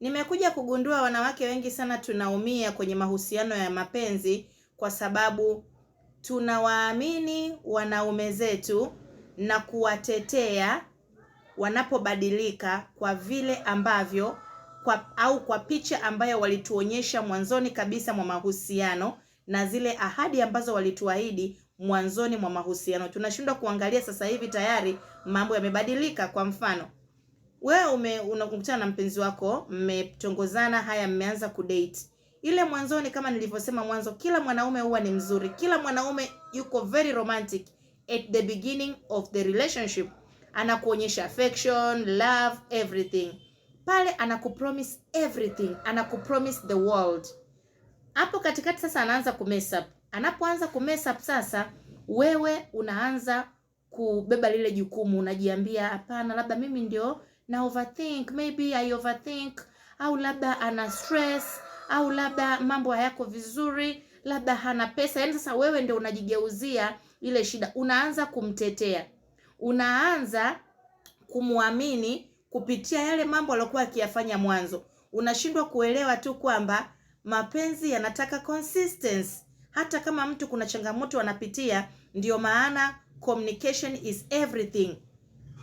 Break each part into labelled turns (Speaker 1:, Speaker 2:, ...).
Speaker 1: Nimekuja kugundua wanawake wengi sana tunaumia kwenye mahusiano ya mapenzi kwa sababu tunawaamini wanaume zetu na kuwatetea wanapobadilika kwa vile ambavyo kwa, au kwa picha ambayo walituonyesha mwanzoni kabisa mwa mahusiano na zile ahadi ambazo walituahidi mwanzoni mwa mahusiano. Tunashindwa kuangalia sasa hivi tayari mambo yamebadilika. Kwa mfano wewe unakutana na mpenzi wako, mmetongozana, haya, mmeanza kudate. Ile mwanzoni, kama nilivyosema mwanzo, kila mwanaume huwa ni mzuri, kila mwanaume yuko very romantic at the beginning of the relationship. Anakuonyesha affection, love, everything pale, anakupromise everything, anakupromise the world. Hapo katikati sasa anaanza kumess up. Anapoanza kumess up sasa, wewe unaanza kubeba lile jukumu, unajiambia hapana, labda mimi ndio na overthink, maybe I overthink, au labda ana stress, au labda mambo hayako vizuri, labda hana pesa. Yaani sasa wewe ndio unajigeuzia ile shida, unaanza kumtetea, unaanza kumwamini kupitia yale mambo aliyokuwa akiyafanya mwanzo. Unashindwa kuelewa tu kwamba mapenzi yanataka consistency. Hata kama mtu kuna changamoto anapitia, ndio maana communication is everything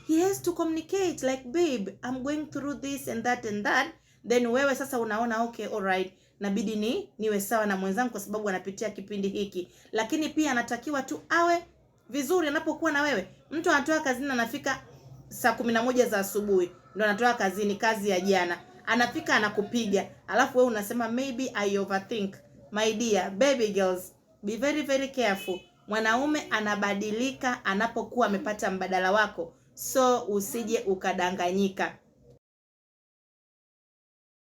Speaker 1: he has to communicate like babe, I'm going through this and that and that, then wewe sasa unaona okay, all right nabidi ni niwe sawa na mwenzangu kwa sababu anapitia kipindi hiki. Lakini pia anatakiwa tu awe vizuri anapokuwa na wewe. Mtu anatoa kazini anafika saa kumi na moja za asubuhi ndo anatoa kazini, kazi ya jana, anafika anakupiga, alafu wewe unasema maybe I overthink. My dear baby girls, be very very careful. Mwanaume anabadilika anapokuwa amepata mbadala wako so usije ukadanganyika.